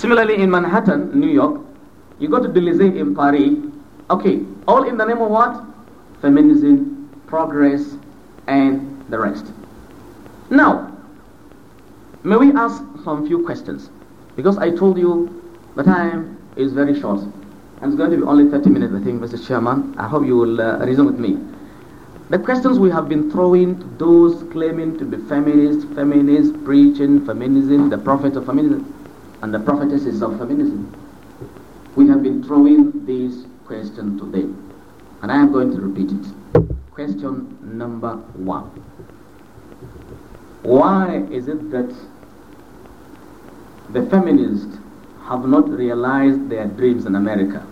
Similarly, in Manhattan, New York, you go to Belize in Paris, okay, all in the name of what? Feminism, progress, and the rest. Now, may we ask some few questions? Because I told you the time is very short. And it's going to be only 30 minutes, I think, Mr. Chairman. I hope you will uh, reason with me. The questions we have been throwing to those claiming to be feminists, feminists preaching feminism, the prophet of feminism, and the prophetesses of feminism. We have been throwing this question to them, and I am going to repeat it. Question number one Why is it that the feminists have not realized their dreams in America?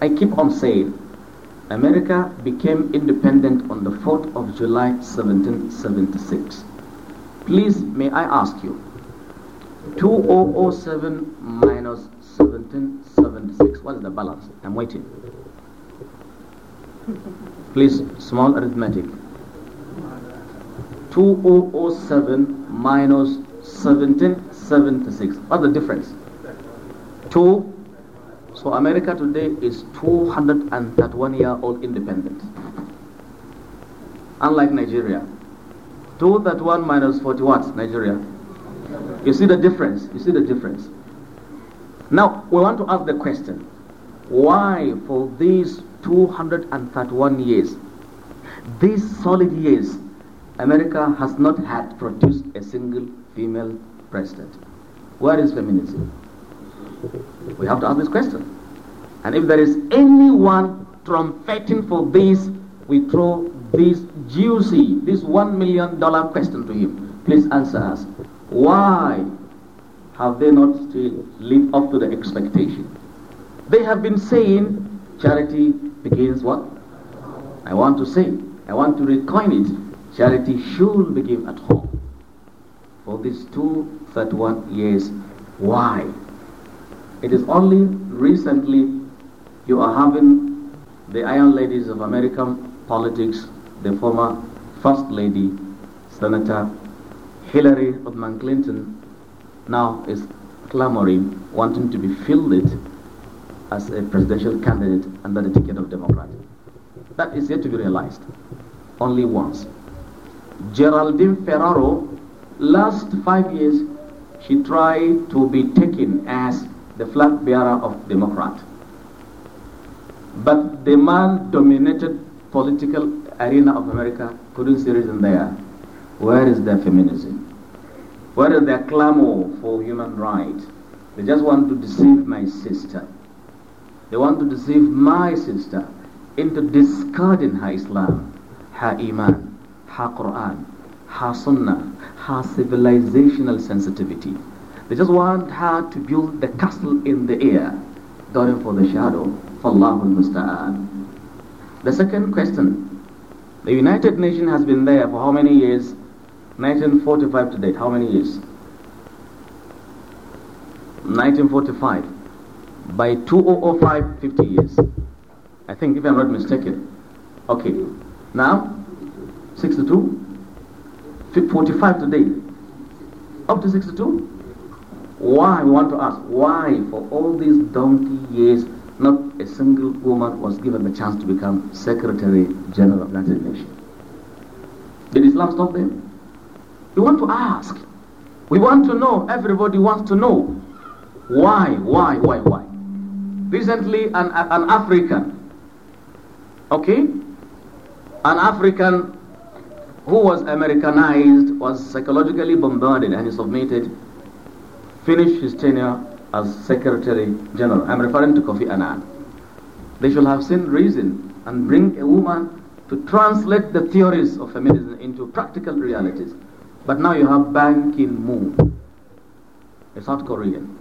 I keep on saying, America became independent on the 4th of July 1776. Please, may I ask you, 2007 minus 1776. What is the balance? I'm waiting. Please, small arithmetic. 2007 minus 1776. What's the difference? 2. So America today is 231 year old independent. Unlike Nigeria. 231 minus 40 what? Nigeria. You see the difference? You see the difference? Now, we want to ask the question why, for these 231 years, these solid years, America has not had produced a single female president? Where is feminism? We have to ask this question. And if there is anyone trumpeting for this, we throw this juicy, this one million dollar question to him. Please answer us. Why have they not still lived up to the expectation? They have been saying charity begins what? I want to say, I want to recoin it. Charity should begin at home. For these two, one years, why? It is only recently you are having the Iron Ladies of American politics, the former First Lady, Senator Hillary Rodman Clinton now is clamoring, wanting to be fielded as a presidential candidate under the ticket of Democrat. That is yet to be realized. Only once. Geraldine Ferraro, last five years, she tried to be taken as the flag bearer of Democrat. But the man dominated political arena of America couldn't see reason there where is their feminism? Where is their clamor for human rights? They just want to deceive my sister. They want to deceive my sister into discarding her Islam, her Iman, her Quran, her Sunnah, her civilizational sensitivity. They just want her to build the castle in the air, going for the shadow, for Allah musta'an. The second question, the United Nations has been there for how many years? 1945 to date, how many years? 1945. By 2005, 50 years. I think, if I'm not mistaken. Okay. Now, 62? 45 today. Up to 62? Why? I want to ask. Why, for all these donkey years, not a single woman was given the chance to become Secretary General of the United Nations? Did Islam stop them? We want to ask. We want to know. Everybody wants to know. Why, why, why, why? Recently, an, an African, okay? An African who was Americanized was psychologically bombarded and he submitted, finished his tenure as Secretary General. I'm referring to Kofi Annan. They should have seen reason and bring a woman to translate the theories of feminism into practical realities. But now you have Ban moon a South Korean.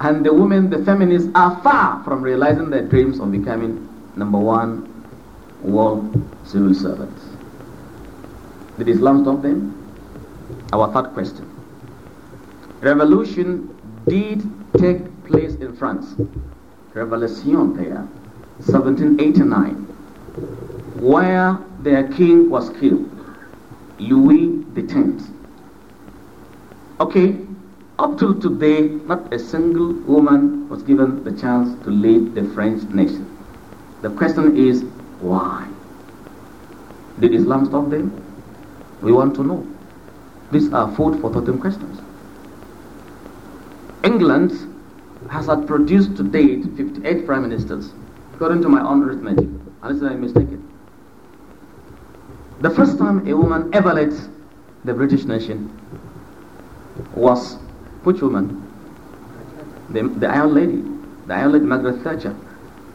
And the women, the feminists, are far from realizing their dreams of becoming number one world civil servants. Did Islam stop them? Our third question. Revolution did take place in France. Revolution there, 1789, where their king was killed. Louis Tenth. Okay, up till today, not a single woman was given the chance to lead the French nation. The question is, why? Did Islam stop them? We want to know. These are food for thought questions. England has had produced to date 58 prime ministers, according to my own arithmetic, unless I'm mistaken. The first time a woman ever led the British nation was which woman? The, the Iron Lady. The Iron Lady Margaret Thatcher.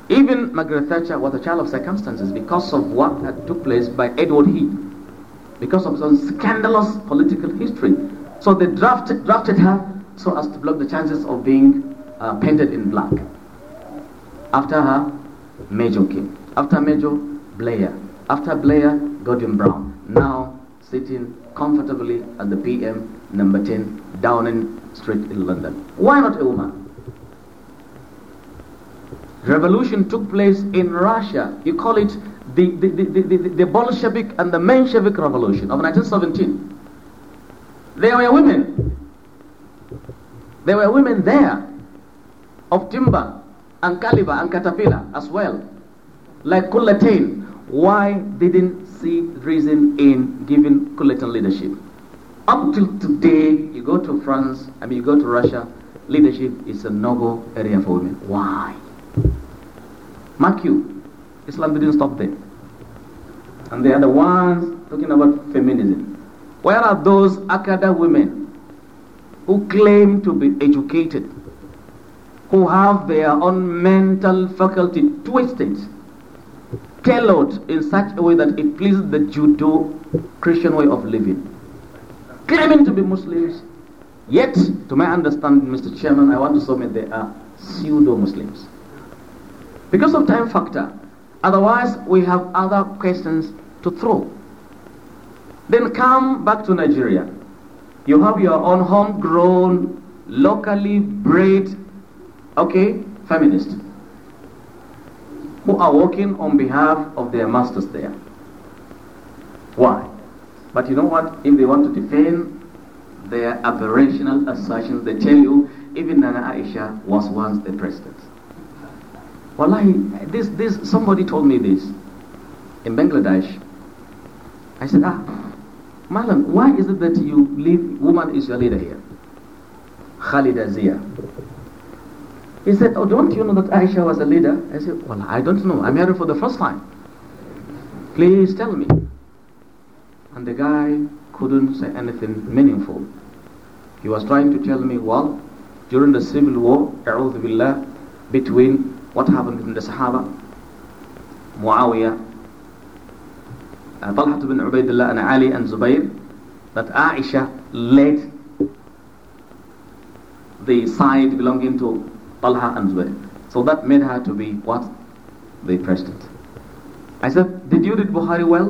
Even Margaret Thatcher was a child of circumstances because of what had took place by Edward Heath, because of some scandalous political history. So they drafted, drafted her so as to block the chances of being uh, painted in black. After her, Major came. After Major, Blair. After Blair, Gordon Brown, now sitting comfortably at the PM number 10 Downing Street in London. Why not a woman? Revolution took place in Russia. You call it the, the, the, the, the Bolshevik and the Menshevik Revolution of 1917. There were women. There were women there of timber and caliber and caterpillar as well, like Kulatain. Why didn't see reason in giving collecting leadership. Up till today, you go to France, I mean, you go to Russia, leadership is a noble area for women. Why? Mark you, Islam didn't stop there. And they are the ones talking about feminism. Where are those Akada women who claim to be educated, who have their own mental faculty twisted? tailored in such a way that it pleases the Judo-Christian way of living. Claiming to be Muslims, yet, to my understanding, Mr. Chairman, I want to submit they are pseudo-Muslims. Because of time factor, otherwise we have other questions to throw. Then come back to Nigeria. You have your own homegrown, locally bred, okay, feminist who are working on behalf of their masters there. Why? But you know what? If they want to defend their aberrational assertions, they tell you even Nana Aisha was once the president. Wallahi, this, this, somebody told me this in Bangladesh. I said, ah, Malam, why is it that you leave, woman is your leader here? Khalida Zia. He said, oh, don't you know that Aisha was a leader? I said, well, I don't know. I'm hearing for the first time. Please tell me. And the guy couldn't say anything meaningful. He was trying to tell me, well, during the civil war, billah, between what happened in the Sahaba, Muawiyah, uh, Talha ibn Ubaidullah and Ali and Zubayr, that Aisha led the side belonging to Talha and Zubayr. So that made her to be what? They pressed it. I said, did you read Bukhari well?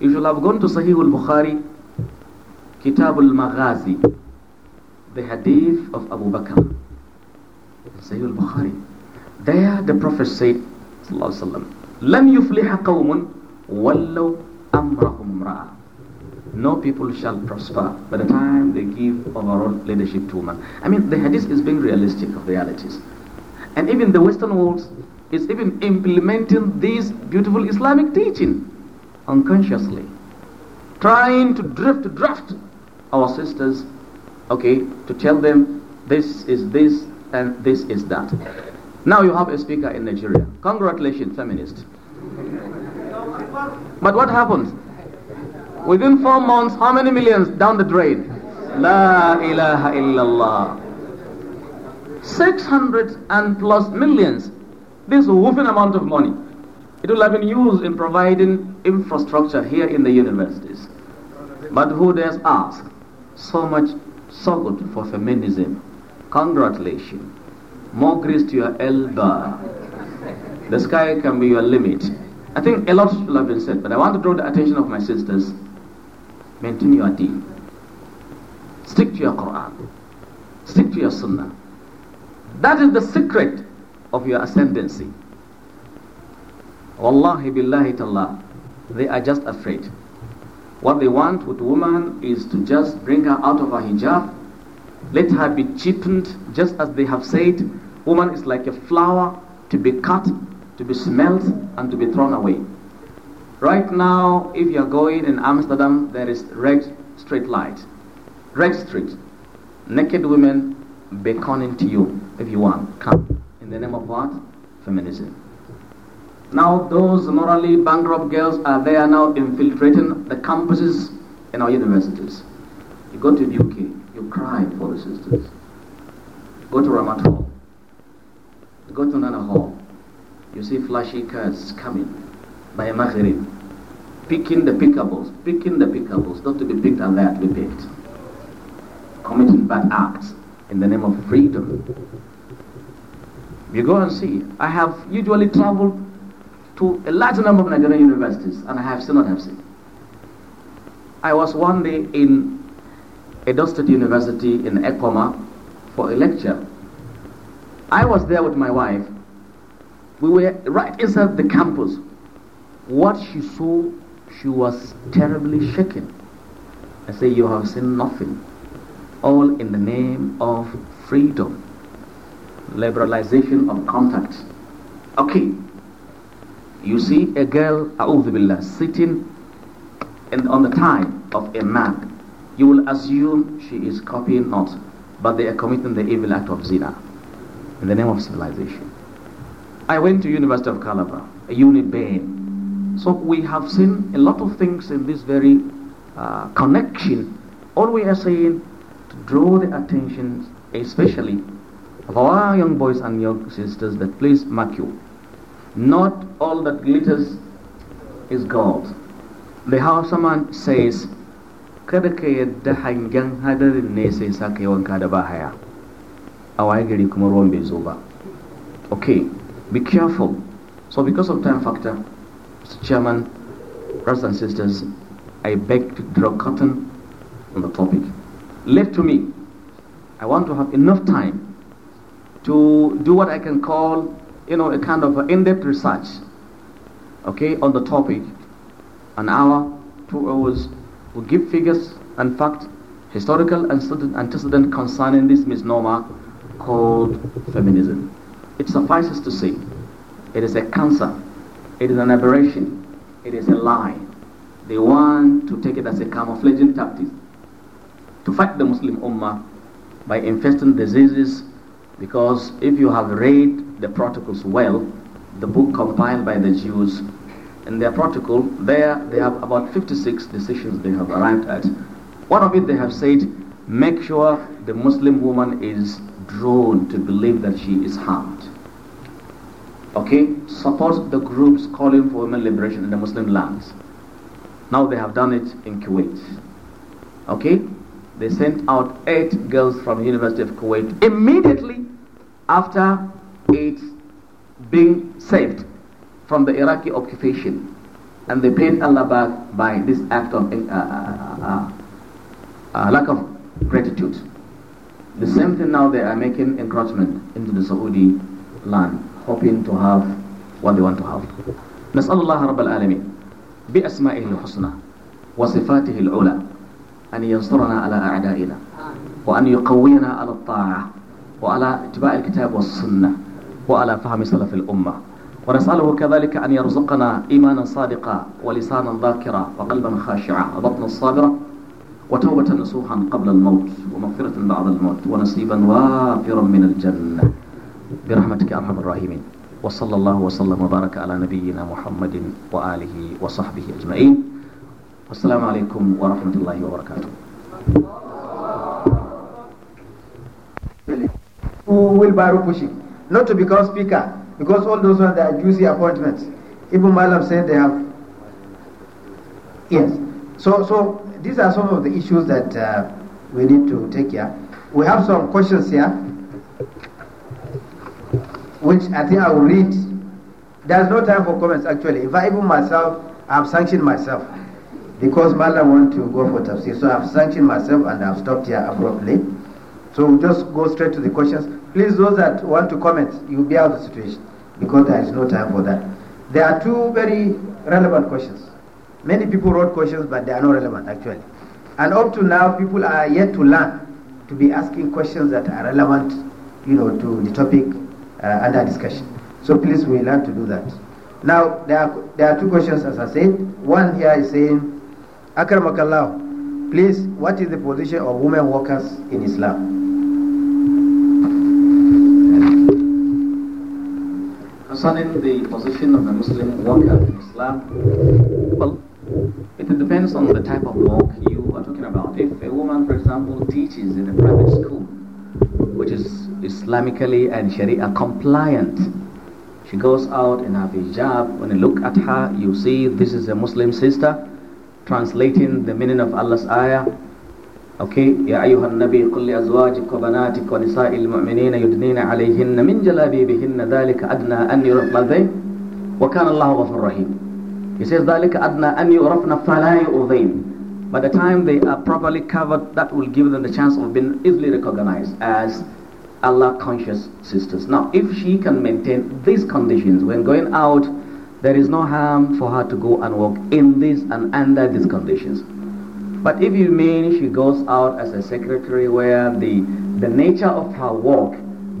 You should have gone to Sahih al-Bukhari, Kitab al-Maghazi, the hadith of Abu Bakr. Sahih al-Bukhari. There the Prophet said, sallallahu alaihi wasallam, لم يفلح قوم وَلَّوْ أمرهم امرأة no people shall prosper by the time they give overall leadership to women. I mean, the hadith is being realistic of realities. And even the Western world is even implementing this beautiful Islamic teaching unconsciously, trying to drift, draft our sisters, okay, to tell them this is this and this is that. Now you have a speaker in Nigeria. Congratulations, feminist. But what happens? Within four months, how many millions down the drain? La ilaha illallah. 600 and plus millions. This whooping amount of money. It will have been used in providing infrastructure here in the universities. But who dares ask? So much, so good for feminism. Congratulations. More grace to your elbow. The sky can be your limit. I think a lot should have been said, but I want to draw the attention of my sisters Maintain your deen. Stick to your Quran. Stick to your Sunnah. That is the secret of your ascendancy. Wallahi billahi tallah. They are just afraid. What they want with woman is to just bring her out of her hijab. Let her be cheapened, just as they have said. Woman is like a flower to be cut, to be smelt, and to be thrown away. Right now, if you are going in Amsterdam, there is red street light. Red street. Naked women beckoning to you if you want. Come. In the name of what? Feminism. Now those morally bankrupt girls are there now infiltrating the campuses in our universities. You go to the UK, you cry for the sisters. go to Ramat Hall. go to Nana Hall. You see flashy cars coming by Maghrib. Picking the pickables, picking the pickables, not to be picked and there to be picked. Committing bad acts in the name of freedom. You go and see. I have usually traveled to a large number of Nigerian universities and I have still not have seen. I was one day in a State University in Ekoma for a lecture. I was there with my wife. We were right inside the campus what she saw, she was terribly shaken. I say, You have seen nothing. All in the name of freedom, liberalization of contact. Okay, you see a girl, billah, sitting in, on the thigh of a man. You will assume she is copying not, but they are committing the evil act of zina in the name of civilization. I went to University of Calabar, a unit Bain, so we have seen a lot of things in this very uh, connection. All we are saying to draw the attention, especially of our young boys and young sisters, that please mark you. Not all that glitters is gold. The Hausaman says, kada ka yadda hangen hadarin ne sai sa ka yi wanka da bahaya a waye gari kuma ruwan bai zo ba okay be careful so because of time factor Mr. Chairman, brothers and sisters, I beg to draw curtain on the topic. Left to me, I want to have enough time to do what I can call, you know, a kind of in-depth research, okay, on the topic. An hour, two hours, will give figures and facts, historical and antecedent concerning this misnomer called feminism. It suffices to say, it is a cancer it is an aberration. It is a lie. They want to take it as a camouflaging tactic to fight the Muslim Ummah by infesting diseases because if you have read the protocols well, the book compiled by the Jews, in their protocol, there they have about 56 decisions they have arrived at. One of it they have said, make sure the Muslim woman is drawn to believe that she is harmed okay, supports the groups calling for women liberation in the Muslim lands. Now they have done it in Kuwait. Okay? They sent out eight girls from the University of Kuwait immediately after it being saved from the Iraqi occupation. And they paid Allah back by this act of uh, uh, uh, uh, uh lack of gratitude. The same thing now they are making encroachment into the Saudi land. hoping to have what they want to have. نسأل الله رب العالمين بأسمائه الحسنى وصفاته العلى أن ينصرنا على أعدائنا وأن يقوينا على الطاعة وعلى اتباع الكتاب والسنة وعلى فهم سلف الأمة ونسأله كذلك أن يرزقنا إيمانا صادقا ولسانا ذاكرا وقلبا خاشعا وبطنا صابرا وتوبة نصوحا قبل الموت ومغفرة بعد الموت ونصيبا وافرا من الجنة برحمتك أرحم الراحمين وصلى الله وسلم وبارك على نبينا محمد وآله وصحبه أجمعين والسلام عليكم ورحمة الله وبركاته Who will Baru pushing? Not to become speaker, because all those ones that are juicy appointments, even Malam said they have. Yes. So, so these are some of the issues that uh, we need to take here. We have some questions here. which I think I will read. There's no time for comments actually. If I even myself, I've sanctioned myself because Mala want to go for tafsir. So I've sanctioned myself and I've stopped here abruptly. So we'll just go straight to the questions. Please, those that want to comment, you'll be out of the situation because there is no time for that. There are two very relevant questions. Many people wrote questions, but they are not relevant actually. And up to now, people are yet to learn to be asking questions that are relevant, you know, to the topic uh, under discussion. So please, we learn to do that. Now, there are, there are two questions, as I said. One here is saying, Akramakallah, please, what is the position of women workers in Islam? Concerning the position of a Muslim worker in Islam, well, it depends on the type of work you are talking about. If a woman, for example, teaches in a private school, which is Islamically and Sharia compliant. She goes out in her hijab. When you look at her, you see this is a Muslim sister translating the meaning of Allah's ayah. Okay, يا أيها النبي قل لأزواجك وبناتك ونساء المؤمنين يدنين عليهن من جلابيبهن adna أدنى أن يرفضن وكان الله غفور rahim. He says ذلك adna أن يعرفن فلا يؤذين By the time they are properly covered, that will give them the chance of being easily recognized as Allah conscious sisters. Now, if she can maintain these conditions when going out, there is no harm for her to go and walk in these and under these conditions. But if you mean she goes out as a secretary where the, the nature of her work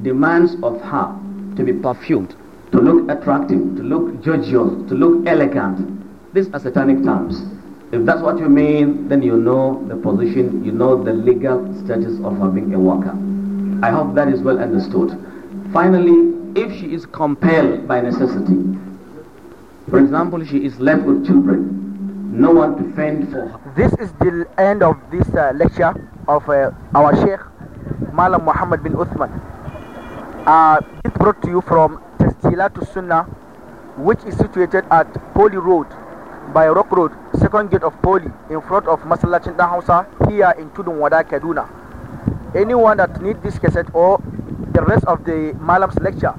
demands of her to be perfumed, to look attractive, to look judicial, to look elegant, these are satanic terms. If that's what you mean, then you know the position, you know the legal status of her being a worker. I hope that is well understood. Finally, if she is compelled by necessity, for example, she is left with children, no one to fend for her. This is the end of this uh, lecture of uh, our Sheikh, Malam Muhammad bin Uthman. Uh, brought to you from Testila to Sunnah, which is situated at Poli Road by Rock Road, second gate of Poli in front of Masala Dan Hausa here in Tudun Wada Kaduna. Anyone that need this cassette or the rest of the Malam's lecture,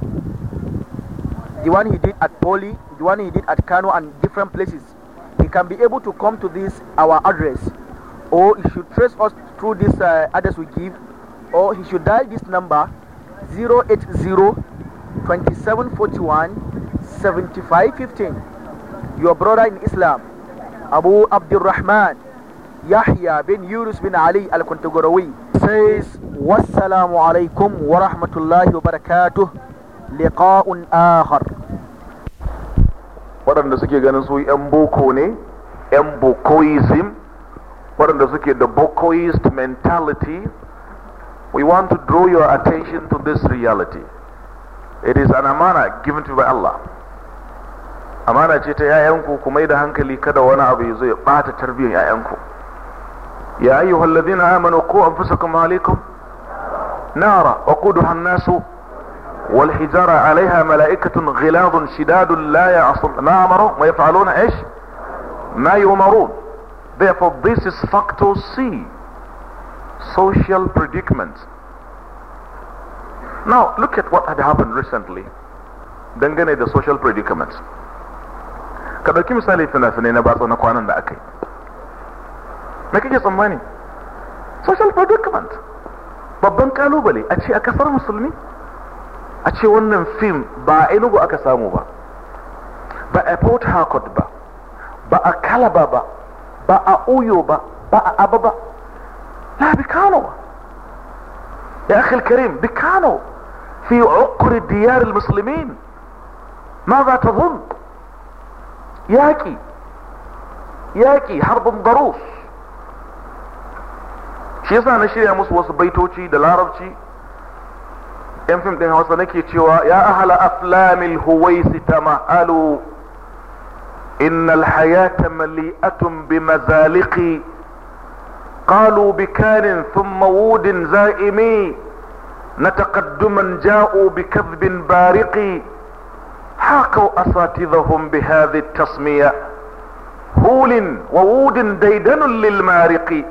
the one he did at Poli, the one he did at Kano and different places, he can be able to come to this our address or he should trace us through this uh, address we give or he should dial this number 080 2741 7515 your brother in Islam Abu Abdurrahman Yahya bin Yunus bin Ali al kuntugurawi says Wassalamu alaikum wa rahmatullahi wa barakatuh liqa'un akhar waɗanda suke ganin su 'yan boko ne 'yan bokoism waɗanda suke the bokoist mentality we want to draw your attention to this reality it is an amana given to you by Allah amana ce ta yayanku ku mai da hankali kada wani abu ya zo ya bata tarbiyyar yayanku ya ayyuhal ladina amanu ku anfusakum alaikum nara waquduha an nasu wal hijara alaiha mala'ikatun ghiladun shidadun la ya'sun ma amaru wa yaf'aluna ish ma yumarun therefore this is factor C social predicament now look at what had happened recently dangane da social predicaments ka ɗauki misali fina-finai na batsa na kwanan da aka yi me kake tsammani social predicament babban kalubale a ce a kasar musulmi a ce wannan fim ba a enugu aka samu ba ba a port harcourt ba ba a kalaba ba ba a uyo ba ba a aba ba la bi kano ya akhi karim bi kano fi uqri diyar al-muslimin ماذا تظن ياكي yaki harbin barus shi yasa na shirya musu wasu baitoci da larabci yan fim ɗin hausa nake cewa ya ahala aflamil huwaisi tama'alu إن الحياة مليئة بمزالق قالوا بكان ثم وود زائمي نتقدما جاءوا بكذب بارق haƙau a sati zahun bi hazi tasmiya hulin wa wudin daidanun lil mariki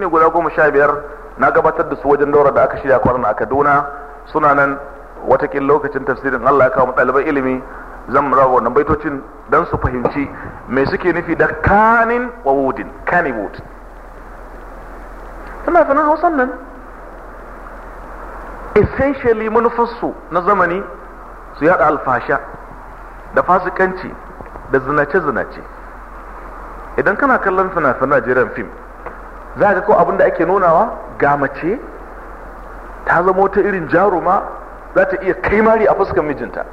ne guda goma sha biyar na gabatar da su wajen daura da aka shirya kwanan a kaduna suna nan watakin lokacin tafsirin allah ya kawo ɗalibai ilimi zan mura wa wannan baitocin don su fahimci me suke nufi da kanin wa wudin kani wut tana sanar nan essentially manufarsu na zamani su yada alfasha da fasikanci da zinace-zinace idan kana kallon fina-finan Nigerian film za ga ko abin da ake nunawa ga mace ta zama wata irin jaruma za ta iya kai mari a fuskar mijinta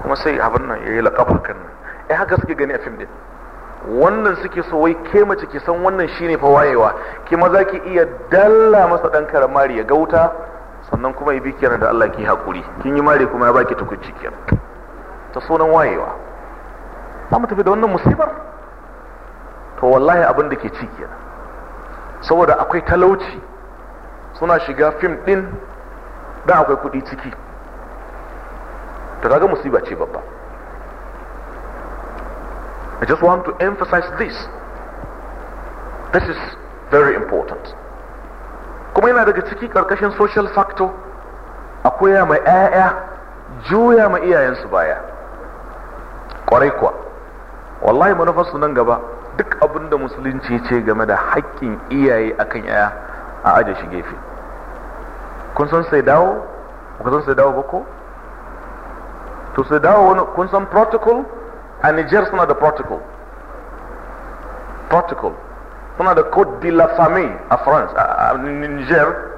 kuma sai abin nan ya yi laƙafar kan nan eh haka suke gani a fim din wannan suke so wai ke mace ki san wannan shine fa wayewa ki maza ki iya dalla masa dan karamari ya gauta sannan kuma ya bi kenan da Allah ki hakuri kin yi mari kuma ya baki tukunci kenan ta sunan wayewa za mu tafi da wannan musibar to wallahi abin da ke ci kenan saboda akwai talauci suna shiga fim din da akwai kudi ciki to kaga musiba ce babba I just want to emphasize this. This is very important. Kuma yana daga ciki ƙarƙashin social factor akwai ya mai 'ya'ya juya ma iyayensu baya. kwarai kuwa wallahi manufarsu nan gaba duk abin da musulunci ce game da haƙƙin iyaye akan yaya a aje shi gefe kun san sai dawo kun san sai dawo ba ko to sai dawo wani kun san protocol a Niger suna da protocol protocol suna da code de la famille a France a Niger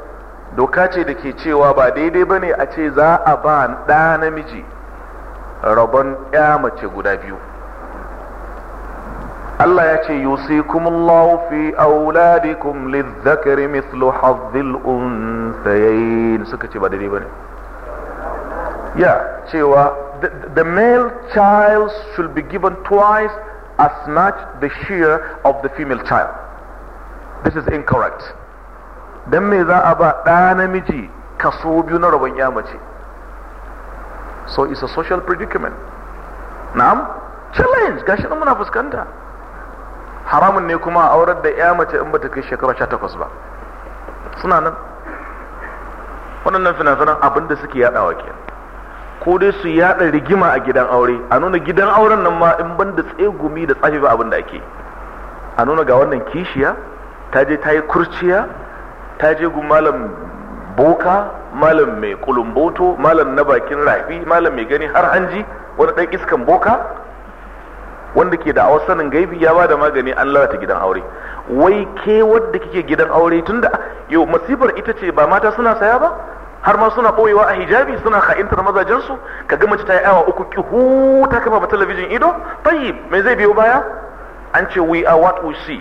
doka ce da ke cewa ba daidai ba ne a ce za a ba ɗa namiji rabon ya mace guda biyu Allah ya ce yusikumullahu fi auladikum lizzakari mislu hazzil unsayayin suka ce ba daidai bane ya cewa the male child should be given twice as much the share of the female child this is incorrect dan me za a ba ɗa namiji kaso biyu na rabon ya mace so it's a social predicament na'am challenge gashi nan muna fuskanta haramun ne kuma a aurar da ya mace in bata kai shekara 18 ba suna nan waɗannan fina abin da suke wa ke ko dai su yaɗa rigima a gidan aure a nuna gidan auren nan ma in ban da tsegumi da tsafi ba abin da ake a nuna ga wannan kishiya ta je ta yi kurciya ta je gun malam boka malam mai kulumboto malam na bakin rafi malam mai gani har hanji wani ɗan iskan boka wanda ke da sanin gaibi ya ba da magani an lalata gidan aure wai ke wadda kike gidan aure tunda yau masifar ita ce ba mata suna saya ba har ma suna ɓoyewa a hijabi suna haintar mazajensu ka ga mace ta yi awa uku ki ta kafa ba talabijin ido tayi mai zai biyo baya an ce we are what we see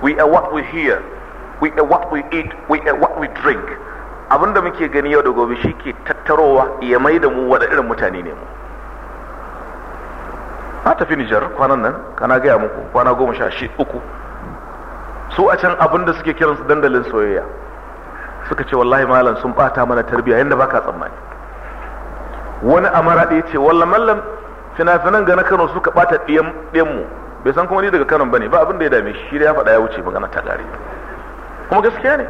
we are what we hear we eat what we eat we eat what we drink abin da muke gani yau da gobe shi ke tattarowa ya mai da mu wada irin mutane ne mu na tafi Nijar kwanan nan kana gaya muku kwana goma sha shi uku su a can abin da suke kiransu dandalin soyayya suka ce wallahi malam sun bata mana tarbiyya yadda baka tsammani wani amara ya ce walla mallam fina-finan gana Kano suka bata ɗiyan mu bai san kuma ni daga Kano bane ba abin da ya dame shi ya faɗa ya wuce magana ta gari kuma gaskiya ne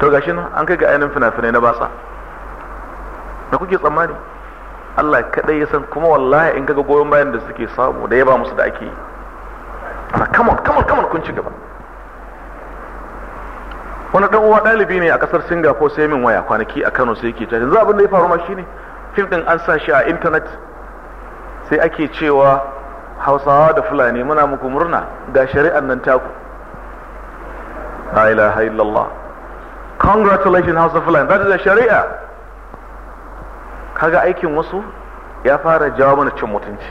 to gashi nan an kai ga ainihin fina-finai na batsa da kuke tsammani Allah kaɗai ya san kuma wallahi in kaga goyon bayan da suke samu da ya ba musu da ake yi ana kamar kamar kamar kun ci gaba wani dan uwa ɗalibi ne a ƙasar singapore sai min waya kwanaki a kano sai yake cewa yanzu abin da ya faru ma shine fim ɗin an sa shi a intanet sai ake cewa hausawa da fulani muna muku murna ga shari'an nan taku La ilaha illallah. Congratulations House of Land. That is a Sharia. Kaga aikin wasu ya fara jawo mana cin mutunci.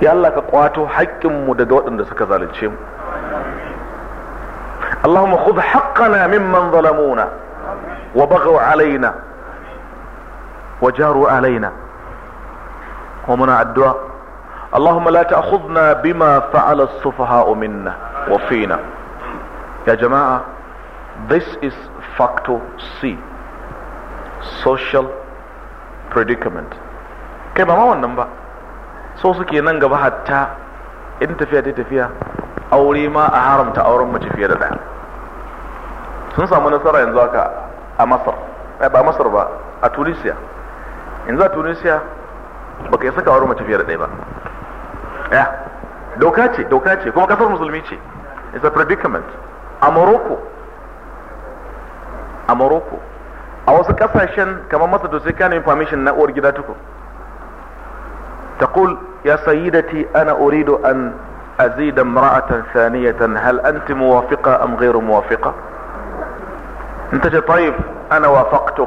Ya Allah ka kwato haƙƙinmu daga waɗanda suka zalunce mu. اللهم خذ حقنا ممن ظلمونا وبغوا علينا وجاروا علينا ومنع الدعاء اللهم لا تأخذنا بما فعل السفهاء منا وفينا يا جماعة this is factor C social predicament kai ba ma wannan ba so nan gaba hatta in tafiya ta tafiya aure ma a haramta auren mace fiye da ɗaya sun samu nasara yanzu haka a masar eh, ba masar ba a tunisia yanzu a tunisia baka yi saka auren mace fiye da ɗaya ba ya doka ce doka ce kuma kasar musulmi ce it's a predicament a morocco a morocco a wasu kasashen kamar masa to sai ka nemi permission na uwar gida tuku taqul ya sayyidati ana uridu an azida imra'atan thaniyatan hal anti muwafiqa am ghayru muwafiqa in ta ce tayyib ana wafaqtu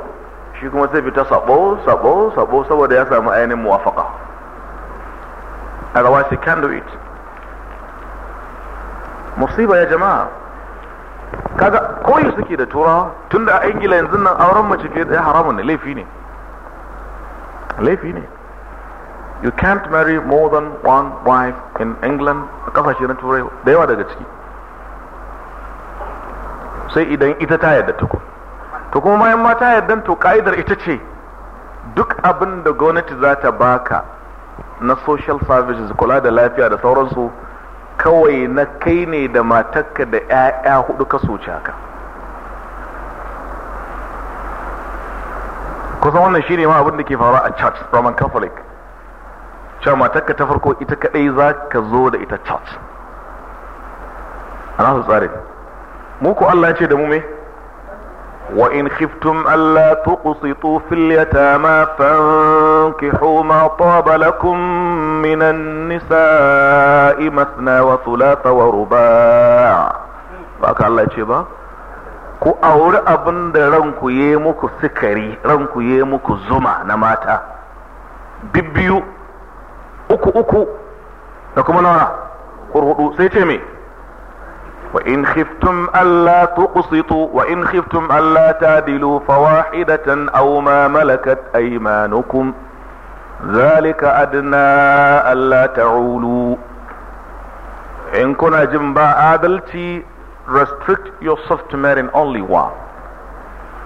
shi kuma sai fita sabo sabo sabo saboda ya samu ainihin muwafaqa Otherwise he can't do it. Musiba ya jama'a. Kaga koyi suke da turawa tun da a Ingila yanzu nan auren mace ke da haramun ne laifi ne. Laifi ne. You can't marry more than one wife in England a kasashe na turai da yawa daga ciki. Sai idan ita ta yarda tukun. To kuma bayan ma ta yarda to ka'idar ita ce duk abin da gwamnati za ta baka na social services kula da lafiya da sauransu kawai na kai ne da matakka da 'ya'ya hudu ka soci haka kusan wannan shine ma abin da ke faruwa a church roman catholic cewa matakka ta farko ita kadai za ka zo da ita church a nasu tsarin mu ko allah ce da mu me وان خفتم الا تقسطوا في اليتامى فانكحوا ما طاب لكم من النساء مثنى وثلاث ورباع baka Allah ce ba ku auri abin da ranku ye muku sikari ranku ye muku zuma na mata bibbiyu uku uku da kuma nawa kurhudu sai ce me وان خفتم الا تقسطوا وان خفتم الا تعدلوا فواحدة او ما ملكت ايمانكم ذلك ادنى الا تعولوا ان كنا jin ba restrict yourself to marrying only one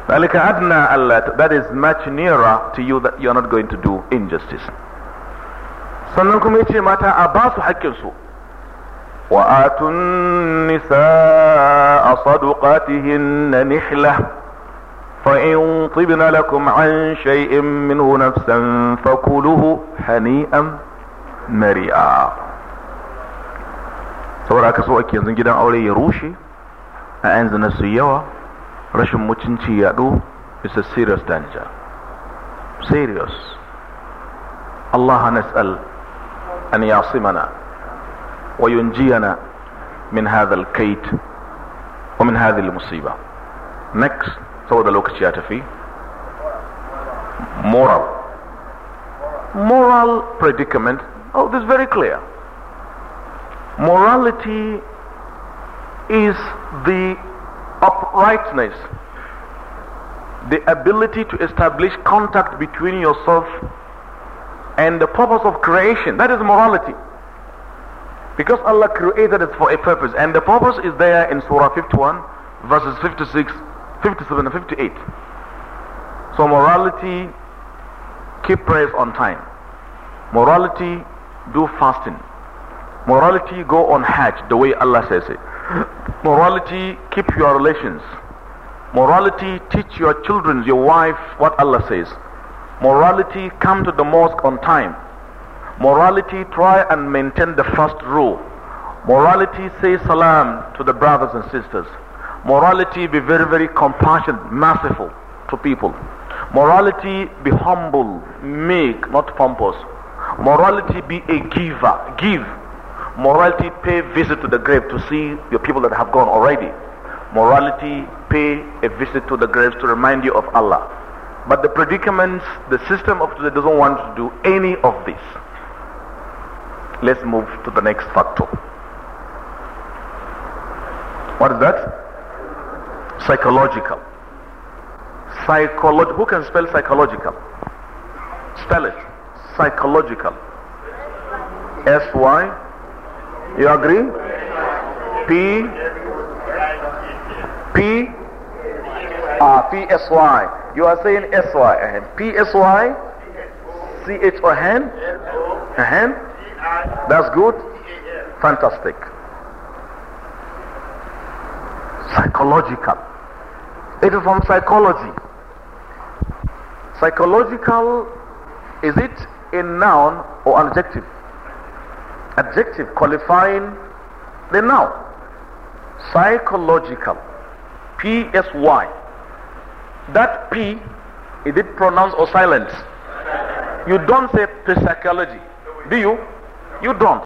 ذلك أدنى الا that is much nearer to you that you are not going to do injustice sannan kuma yace mata a ba su haƙƙinsu وآتوا النساء صدقاتهن نحلة فإن طبن لكم عن شيء منه نفسا فكلوه هنيئا مريئا saboda aka so ake yanzu gidan aure ya rushe a yan zina su yawa rashin mutunci ya ɗo is a serious danger serious Allah nas'al an yasimana وينجينا من هذا الكيت ومن هذه المصيبة next saboda lokaci ya tafi moral moral predicament oh this is very clear morality is the uprightness the ability to establish contact between yourself and the purpose of creation that is morality because Allah created it for a purpose. And the purpose is there in Surah 51, verses 56, 57 and 58. So morality, keep prayers on time. Morality, do fasting. Morality, go on Hajj, the way Allah says it. Morality, keep your relations. Morality, teach your children, your wife, what Allah says. Morality, come to the mosque on time. Morality, try and maintain the first rule. Morality, say salam to the brothers and sisters. Morality, be very, very compassionate, merciful to people. Morality, be humble, meek, not pompous. Morality, be a giver, give. Morality, pay visit to the grave to see your people that have gone already. Morality, pay a visit to the graves to remind you of Allah. But the predicaments, the system of today doesn't want to do any of this. Let's move to the next factor. What is that? Psychological. Psychological. Who can spell psychological? Spell it. Psychological. S Y. You agree? P. P. Ah, P S Y. You are saying S Y. P S Y. C H O N. N. That's good? Fantastic. Psychological. It is from psychology. Psychological, is it a noun or an adjective? Adjective qualifying the noun. Psychological. P S Y. That P, is it pronounced or silent? You don't say psychology, do you? You don't.